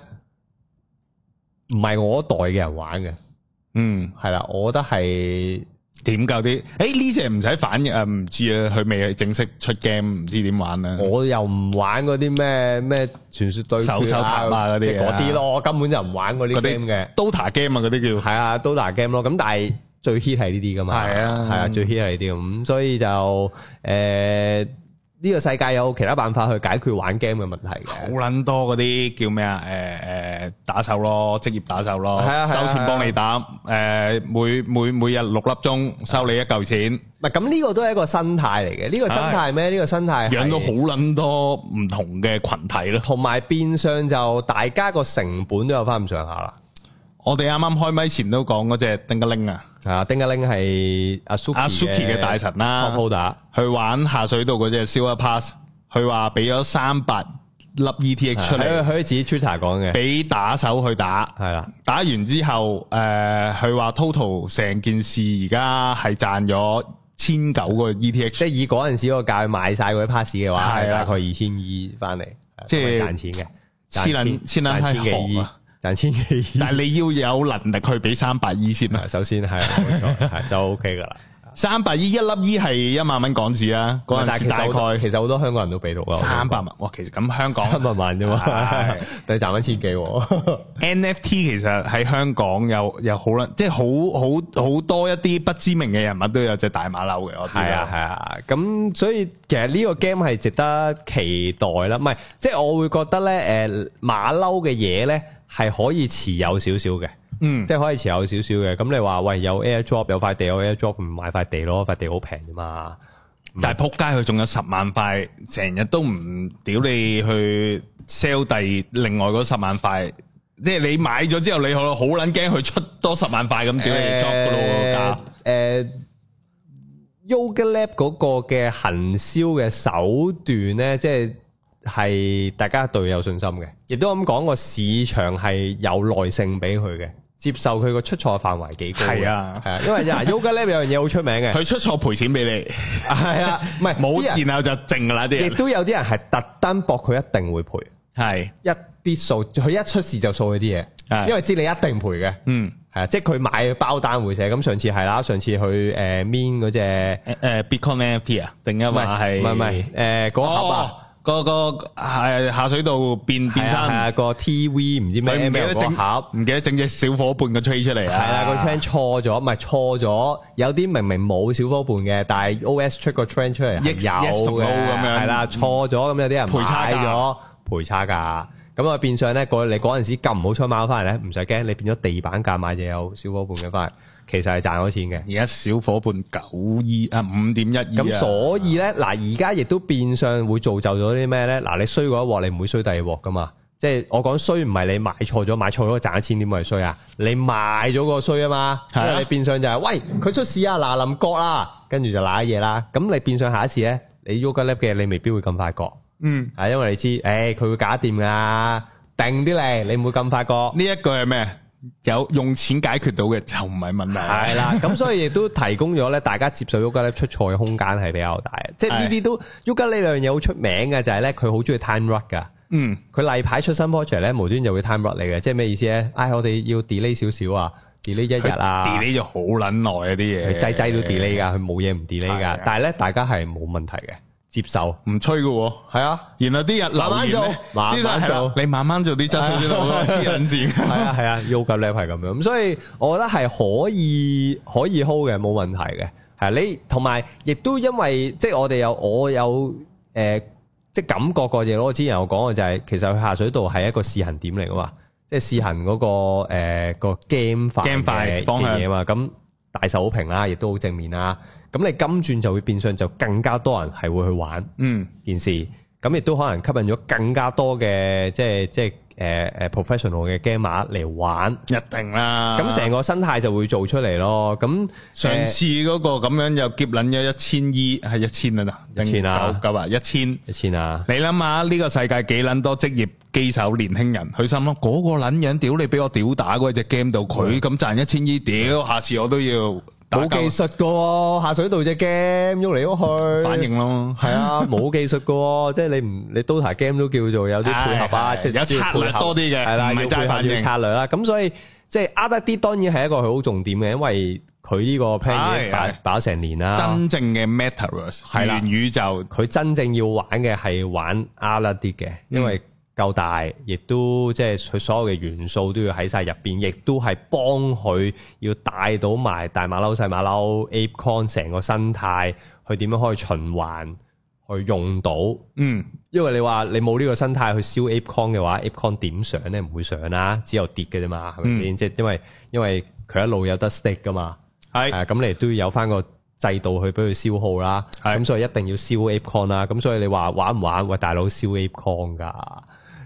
唔係我一代嘅人玩嘅。嗯，係啦，我覺得係點夠啲。誒呢隻唔使反應，誒唔知啦，佢未正式出 game，唔知點玩啦。我又唔玩嗰啲咩咩傳說對決啊、手手炮炮嗰啲，即係嗰啲咯，根本就唔玩嗰啲 game 嘅。Dota game 啊，嗰啲叫係啊，Dota game 咯。咁但係最 hit 係呢啲噶嘛。係啊，係啊，最 hit 係呢啲咁，所以就誒。呢個世界有其他辦法去解決玩 game 嘅問題嘅，好捻多嗰啲叫咩啊？誒、呃、誒，打手咯，職業打手咯，啊、收錢幫你打，誒、啊呃，每每每日六粒鐘，收你一嚿錢。係、啊，咁呢個都係一個生態嚟嘅，呢、這個生態咩？呢、這個生態養到好捻多唔同嘅群體咯。同埋變相就大家個成本都有翻咁上下啦。我哋啱啱開咪前都講嗰隻叮個令啊！係啊，丁家玲係阿 suki 阿 suki 嘅大臣啦，去玩下水道嗰隻 sewer pass，佢話俾咗三百粒 E T H 出嚟，佢自己 twitter 講嘅，俾打手去打，係啦，打完之後誒，佢話 total 成件事而家係賺咗千九個 E T H，即係以嗰陣時嗰個價買晒嗰啲 pass 嘅話，係大概二千二翻嚟，即係賺錢嘅，千零千零幾賺千幾，但係你要有能力去俾三百 E 先啊！首先係冇錯，就 O K 噶啦。三百 E 一粒 E 係一萬蚊港紙啊！嗰陣時大概其實好多香港人都俾到啊。三百萬哇，其實咁香港三百萬啫嘛，但係賺翻千幾。N F T 其實喺香港有有好啦，即係好好好多一啲不知名嘅人物都有隻大馬騮嘅。我知啊，係啊係啊，咁所以其實呢個 game 係值得期待啦。唔係，即係我會覺得咧，誒馬騮嘅嘢咧。係可以持有少少嘅，嗯，即係可以持有少少嘅。咁你話喂，有 air drop 有塊地，有 air drop，唔買塊地咯，塊地好平啫嘛。但係仆街，佢仲有十萬塊，成日都唔屌你去 sell 第另外嗰十萬塊，即係你買咗之後，你好，好撚驚佢出多十萬塊咁，屌你 job 噶咯價。Yuga Lab 嗰個嘅、呃呃、行銷嘅手段咧，即係。係大家對有信心嘅，亦都咁講個市場係有耐性俾佢嘅，接受佢個出錯範圍幾高嘅，係啊，因為嗱，Yuga Lab 有樣嘢好出名嘅，佢出錯賠錢俾你，係啊，唔係冇然後就淨噶啦啲，亦都有啲人係特登博佢一定會賠，係一啲數佢一出事就數佢啲嘢，因為知你一定賠嘅，嗯，係啊，即係佢買包單匯社，咁上次係啦，上次去誒面嗰隻誒 Bitcoin NFT 啊，定啊嘛係，唔係唔係誒盒啊。個個係下水道變變生，啊個 T V 唔知咩嘢整盒，唔記得整隻小伙伴個吹出嚟啦。係啦個 train 錯咗，唔係錯咗，有啲明明冇小伙伴嘅，但係 O S 出個 train 出嚟益有嘅咁樣。係啦錯咗咁，有啲人賠、嗯、差價，賠差價。咁啊變相咧，個你嗰陣時撳唔好出貓翻嚟咧，唔使驚，你變咗地板價買就有小伙伴嘅翻嚟。其實係賺咗錢嘅，而家小伙伴九二啊五點一二，咁所以咧，嗱而家亦都變相會造就咗啲咩咧？嗱，你衰嗰一鑊，你唔會衰第二鑊噶嘛？即係我講衰唔係你買錯咗，買錯咗賺咗錢點會衰啊？你賣咗個衰啊嘛？係、就是、啊，你變相就係、是、喂佢出事啊，嗱臨割、啊、啦，跟住就瀨嘢啦。咁你變相下一次咧，你喐個粒嘅，你未必會咁快割。嗯，係因為你知，誒、欸、佢會搞掂噶，定啲嚟，你唔會咁快割。呢一句係咩？有用錢解決到嘅就唔係問題、 *laughs* 啊，係啦，咁所以亦都提供咗咧，大家接受 Yuga 咧出錯嘅空間係比較大，即係呢啲都 Yuga 呢樣嘢好出名嘅就係咧佢好中意 time rush 噶，嗯，佢例牌出新 project 咧無端就會 time rush 嚟嘅，即係咩意思咧？唉、哎，我哋要 delay 少少啊，delay 一日啊，delay 就好撚耐啊啲嘢，佢擠擠都 delay 噶，佢冇嘢唔 delay 噶，是的 但係咧大家係冇問題嘅。接受唔吹㗎喎，係啊，然後啲人慢慢做，慢慢做，啊、你慢慢做啲質素先得，黐係啊係啊，要夠肋係咁樣，咁所以我覺得係可以可以 hold 嘅，冇問題嘅，係、啊、你同埋亦都因為即係我哋有我有誒、呃，即係感覺過嘢咯，之前我講嘅就係其實佢下水道係一個試行點嚟啊嘛，即係試行嗰、那個誒、呃、個 game 化 game 化嘅嘢啊嘛，咁大受好評啦，亦都好正面啦。咁你金轉就會變相就更加多人係會去玩，嗯，件事，咁亦都可能吸引咗更加多嘅即係即係誒誒 professional 嘅 gamer 嚟玩，一定啦。咁成個生態就會做出嚟咯。咁上次嗰個咁樣又劫捻咗一千億，係一千啊，一千九九啊，一千，一千啊。你諗下呢個世界幾捻多職業機手年輕人，佢心諗嗰個捻樣屌你俾我屌打嗰隻 game 度，佢咁賺一千億，屌，下次我都要。冇技術嘅喎，下水道隻 game 喐嚟喐去，反應咯，係啊，冇技術嘅喎，即係你唔你 dota game 都叫做有啲配合啊，即係有策略多啲嘅，係啦，要配合要策略啦，咁所以即係 Otherdeed 當然係一個好重點嘅，因為佢呢個 plan 擺擺成年啦，真正嘅 metaverse，元宇宙佢真正要玩嘅係玩 Otherdeed 嘅，因為。夠大，亦都即係佢所有嘅元素都要喺晒入邊，亦都係幫佢要帶到埋大馬騮、細馬騮、ApeCoin 成個生態，佢點樣可以循環去用到？嗯，因為你話你冇呢個生態去燒 ApeCoin 嘅話，ApeCoin 點上咧？唔會上啦，只有跌嘅啫嘛，係咪先？即係因為因為佢一路有得 stick 噶嘛，係咁、嗯啊、你都要有翻個制度去俾佢消耗啦，咁、嗯、所以一定要燒 ApeCoin 啦。咁所以你話玩唔玩？喂，大佬燒 ApeCoin 噶。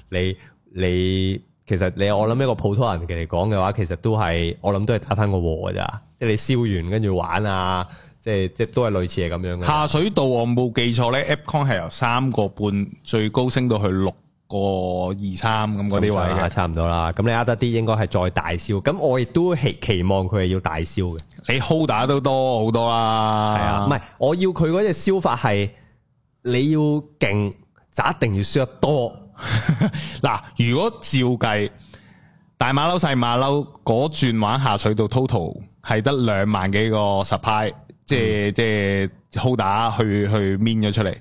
你你其實你我諗一個普通人嚟講嘅話，其實都係我諗都係打翻個鑊嘅咋，即係你燒完跟住玩啊，即係即係都係類似係咁樣嘅。下水道我冇記錯咧，ApeCoin 係由三個半最高升到去六個二三咁嗰啲位嘅，差唔多，多，多啦。咁你呃得啲，應該係再大燒。咁我亦都期期望佢係要大燒嘅。你 hold 打都多好多啦，係啊，唔係我要佢嗰隻燒法係你要勁就一定要燒得多。嗱， *laughs* 如果照計，大馬騮細馬騮嗰轉玩下水道 total 係得兩萬幾個 supply、嗯，即係即係 hold 打去去 min 咗出嚟，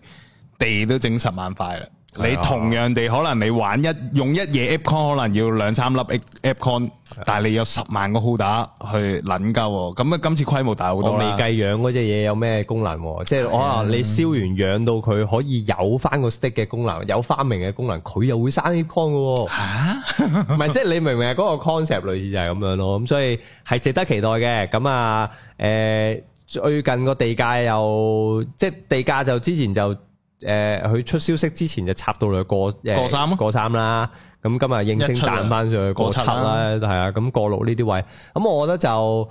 地都整十萬塊啦。你同樣地，可能你玩一用一夜 app con，可能要兩三粒 app con，但係你有十萬個 Holder 打去撚㗎喎。咁啊，今次規模大好多啦。我未計養嗰隻嘢有咩功能，即係可能你燒完養到佢可以有翻個 stick 嘅功能，有花名嘅功能，佢又會生 app con 㗎喎。嚇？唔係，即係你明唔明嗰個 concept 類似就係咁樣咯。咁所以係值得期待嘅。咁啊，誒最近個地價又即係地價就之前就。誒，佢、呃、出消息之前就插到嚟過、呃、過三咯、啊，過三啦。咁今日應聲彈翻上去過七啦，係啊。咁過六呢啲位，咁、嗯、我覺得就誒，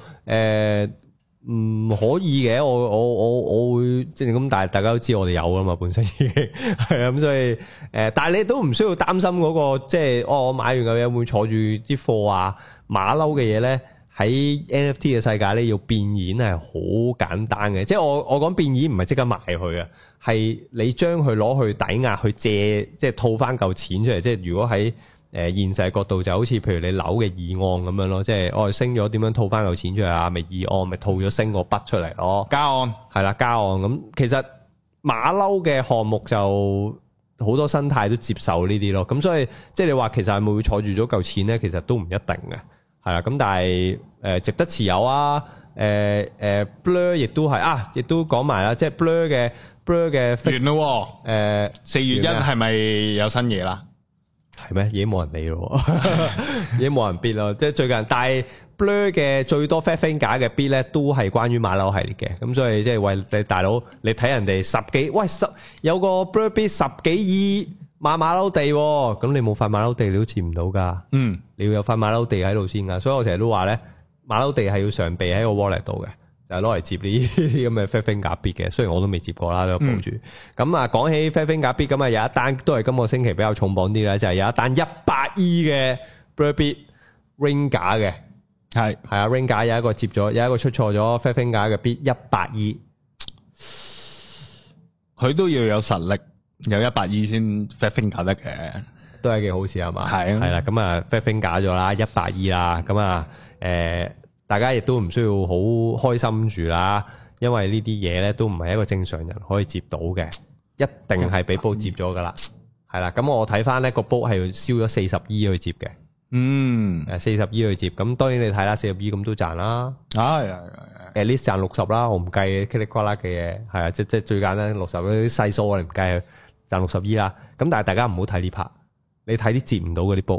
唔、呃、可以嘅。我我我我會即係咁，但係大家都知我哋有噶嘛，本身已經係咁， *laughs* 所以誒、呃，但係你都唔需要擔心嗰、嗰個即係，我、哦、我買完嘅嘢會唔會坐住啲貨啊馬騮嘅嘢咧？喺 NFT 嘅世界咧，要變現係好簡單嘅，即係我我講變現唔係即刻賣佢啊，係你將佢攞去抵押去借，即係套翻嚿錢出嚟。即係如果喺誒、呃、現實角度，就好似譬如你樓嘅二案咁樣咯，即係我、哎、升咗點樣套翻嚿錢出嚟啊？咪二案咪套咗升個筆出嚟咯？交案係啦，交案咁其實馬騮嘅項目就好多生態都接受呢啲咯，咁所以即係你話其實係咪會坐住咗嚿錢咧？其實都唔一定嘅。係啦，咁但係，誒，值得持有啊，呃，呃，誒，誒，Blur 亦都係啊，亦都講埋啦，即係 Blur 嘅 Blur 嘅，完咯，誒，四月一係咪有新嘢啦？係咩？已經冇人理咯， *laughs* *laughs* 已經冇人 bid 咯，即係最近。但係 Blur 嘅最多 fat thing 嘅 bid 咧，都係關於馬騮系列嘅，咁所以即係喂你大佬，你睇人哋十幾，喂，十有個 Blur bid 十幾二。馬馬騮地咁、哦，你冇塊馬騮地你，你都接唔到噶。嗯，你要有塊馬騮地喺度先噶。所以我成日都話咧，馬騮地係要常備喺個 wallet 度嘅，就係攞嚟接呢啲咁嘅 fat finger bid 嘅。雖然我都未接過啦，都有保住。咁啊、嗯，講起 fat finger bid，咁啊有一單都係今個星期比較重磅啲啦，就係、是、有一單一百 e 嘅 Burberry ring 假嘅，係係是啊 ring 假有一個接咗，有一個出錯咗 fat finger 嘅 bid 一百 e 佢都要有實力。有一百二先 fat finger 得嘅，都係件好事係嘛？係啊，係啦，咁啊 fat finger 咗啦，一百二啦，咁啊，誒，大家亦都唔需要好開心住啦，因為呢啲嘢咧都唔係一個正常人可以接到嘅，一定係俾煲接咗噶啦，係啦，咁我睇翻咧個煲係燒咗四十一去接嘅，嗯，誒四十一去接，咁當然你睇啦，四十一咁都賺啦，係係，誒呢賺六十啦，我唔計嘅，嘰里呱啦嘅嘢，係啊，即即最簡單六十嗰啲細數我哋唔計。賺六十 E 啦，咁但係大家唔好睇呢 part，你睇啲接唔到嗰啲煲，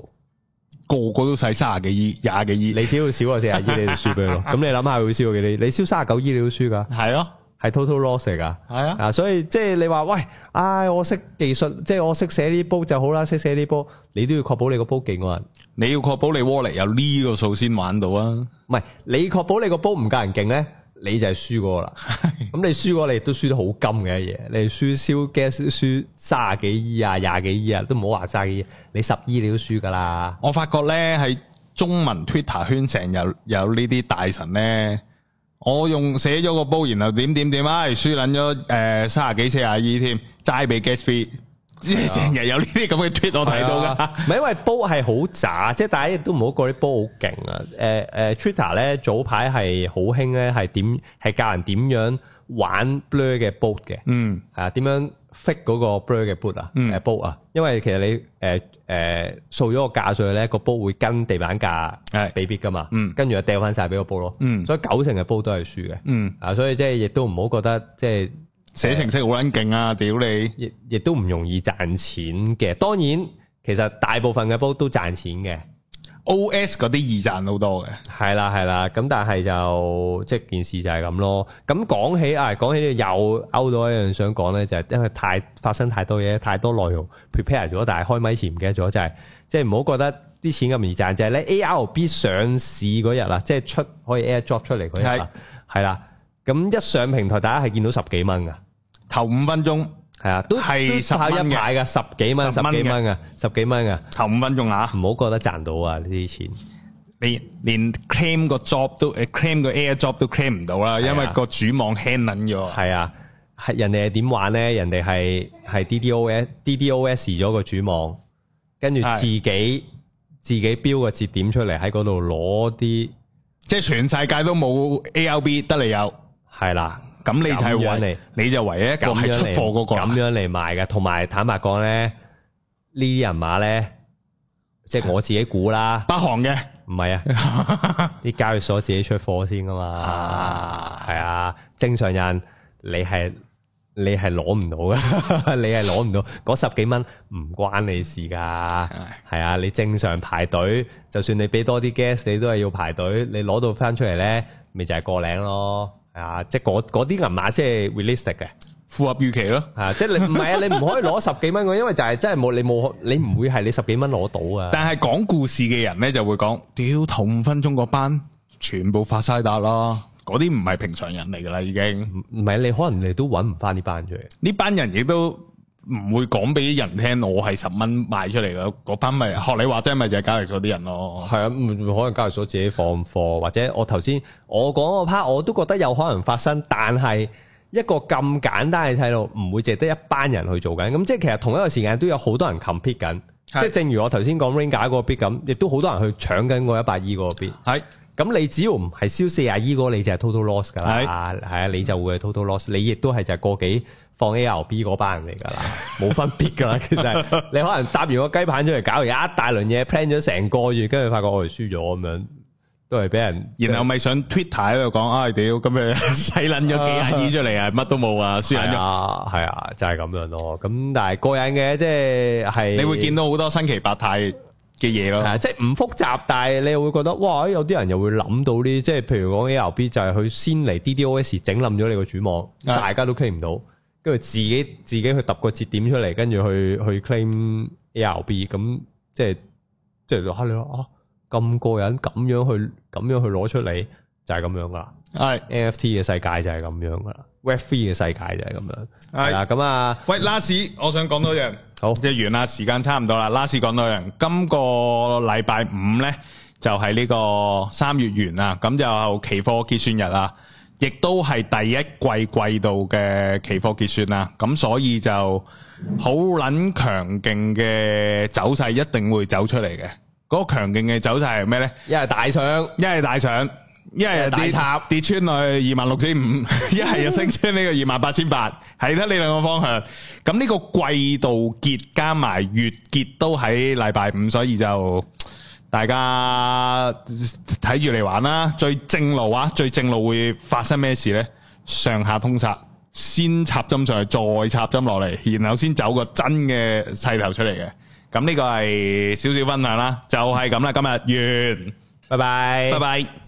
個個都使卅幾 E、廿幾 E，你只要少過四廿 E 你就輸畀佢，咁 *laughs* 你諗下會唔會少幾 E？你消卅九 E 你都輸噶，係咯，係 total loss 嚟噶。係啊，啊所以即係你話喂，唉我識技術，即係我識寫啲煲就好啦，識寫啲煲，你都要確保你個煲勁啩，你要確保你 wallet 有呢個數先玩到啊，唔係你確保你個煲唔夠人勁咧。你就係輸過啦，咁 *laughs* 你輸過你亦都輸得好金嘅一嘢，你輸少 gas 輸三廿幾億啊，廿幾億啊，都唔好話三十幾億，你十億你都輸噶啦。我發覺咧，喺中文 Twitter 圈成日有呢啲大神咧，我用寫咗個煲，然後點點點，唉，輸撚咗誒三十幾四十億添，啊，齋俾 gas fee。成日有呢啲咁嘅帖我睇到噶，唔係、啊、因為煲係好渣，即係大家亦都唔好過啲煲好勁啊。誒誒，Twitter 咧早排係好興咧，係點係教人點樣玩 blur 嘅煲嘅，嗯，係啊，點樣 fit 嗰個 blur 嘅煲啊，誒，煲啊，因為其實你誒誒掃咗個價上去咧，個煲會跟地板價係比別噶嘛，嗯，跟住就掉翻晒俾個煲咯，嗯，所以九成嘅煲都係輸嘅，嗯，啊，所以即係亦都唔好覺得即係。寫程式好撚勁啊！屌也你，亦亦都唔容易賺錢嘅。當然，其實大部分嘅波都賺錢嘅。OS 嗰啲易賺好多嘅。係啦，係啦。咁但係就即係件事就係咁咯。咁講起啊，講起又勾到一樣想講咧，就係、是、因為太發生太多嘢，太多內容 prepare 咗，但係開咪前唔記得咗，就係即係唔好覺得啲錢咁易賺。就係、是、咧 ARB 上市嗰日啊，即係出可以 Airdrop 出嚟嗰日係啦。咁是一上平台，大家係見到十幾蚊㗎。頭五分鐘係啊，都係十下一排嘅，十幾蚊，十幾蚊嘅，十幾蚊嘅。頭五分鐘啊，唔好覺得賺到啊！呢啲錢，連連 claim 個 job 都誒，claim 個 airdrop 都 claim 唔到啦，因為個主網 hang 緊咗。係啊，係人哋係點玩咧？人哋係係 DDoS，DDoS 咗個主網，跟住自己自己標個節點出嚟喺嗰度攞啲，即係全世界都冇 ARB 得嚟有，係啦。咁你係搵你，你就唯一一個係出貨嗰個咁樣嚟賣嘅。同埋坦白講咧，呢啲人馬咧，即係我自己估啦。北韓嘅唔係啊，啲交易所自己出貨先噶嘛。係啊，正常人你係你係攞唔到嘅，你係攞唔到。嗰十幾蚊唔關你事噶，係啊。你正常排隊，就算你俾多啲 gas，你都係要排隊。你攞到翻出嚟咧，咪就係過領咯。啊！即係嗰啲銀碼即係 release 嘅，符合預期咯。啊！即係你唔係啊，你唔可以攞十幾蚊，因為就係真係冇你冇，你唔會係你十幾蚊攞到嘅，嗯。但係講故事嘅人咧就會講，屌頭五分鐘嗰班全部發晒達啦！嗰啲唔係平常人嚟㗎啦，已經唔係、啊、你可能你都揾唔翻呢班出嚟。呢班人亦都，唔會講俾人聽，我係十蚊賣出嚟嘅嗰班咪、就是、學你話齋咪就係交易所啲人咯。係啊，可能交易所自己放貨，或者我頭先我講個 part，我都覺得有可能發生，但係一個咁簡單嘅細路，唔會值得一班人去做緊。咁即係其實同一個時間都有好多人 compete 緊，是即係正如我頭先講 ring 假嗰個 bid 咁，亦都好多人去搶緊嗰一百二嗰個 bid。係，咁你只要唔係燒四廿二嗰個，你就係 total loss 噶啦。係是啊，你就會係 total loss，你亦都係就過幾。放 A R B 嗰班人嚟噶啦，冇分別噶啦，其實你可能搭完個雞棒出嚟搞完一大輪嘢 plan 咗成個月，跟住發覺我哋輸咗咁樣，都係俾人，然後咪上 Twitter 喺度講啊屌，咁樣洗撚咗幾廿億出嚟啊，乜都冇啊，輸硬咗，係啊，就係咁樣咯。咁但係過癮嘅，即係係你會見到好多新奇百態嘅嘢咯，即係唔複雜，但係你會覺得哇，有啲人又會諗到啲，即係譬如講 A R B 就係佢先嚟 D D O S 整冧咗你個主網，大家都傾唔到。跟住自己自己去揼個節點出嚟，跟住去去 claim A R B，咁即係即係話你話哦咁過癮，咁、啊、樣去咁樣去攞出嚟就係、是、咁樣噶啦。係 N F T 嘅世界就係咁樣噶啦，Web Three 嘅世界就係咁樣。係是啊，咁啊，喂，拉斯，我想講多樣。 *laughs* 好，即係完啦，時間差唔多啦。拉斯講多樣，今個禮拜五咧就係、是、呢個三月完啦，咁就期貨結算日啦。亦都係第一季季度嘅期貨結算啦，咁所以就好捻強勁嘅走勢一定會走出嚟嘅。嗰、嗰個強勁嘅走勢係咩呢？一係大上，一係大上，一係大、大插跌穿去二萬六千五，一係又升穿呢個二萬八千八，係得呢兩個方向。咁呢個季度結加埋月結都喺禮拜五，所以就。大家睇住嚟玩啦，最正路啊，最正路會發生咩事呢？上下通殺，先插針上去，再插針落嚟，然後先走個真嘅勢頭出嚟嘅。咁呢個係少少分享啦，就係咁啦，今日完，拜拜，拜拜。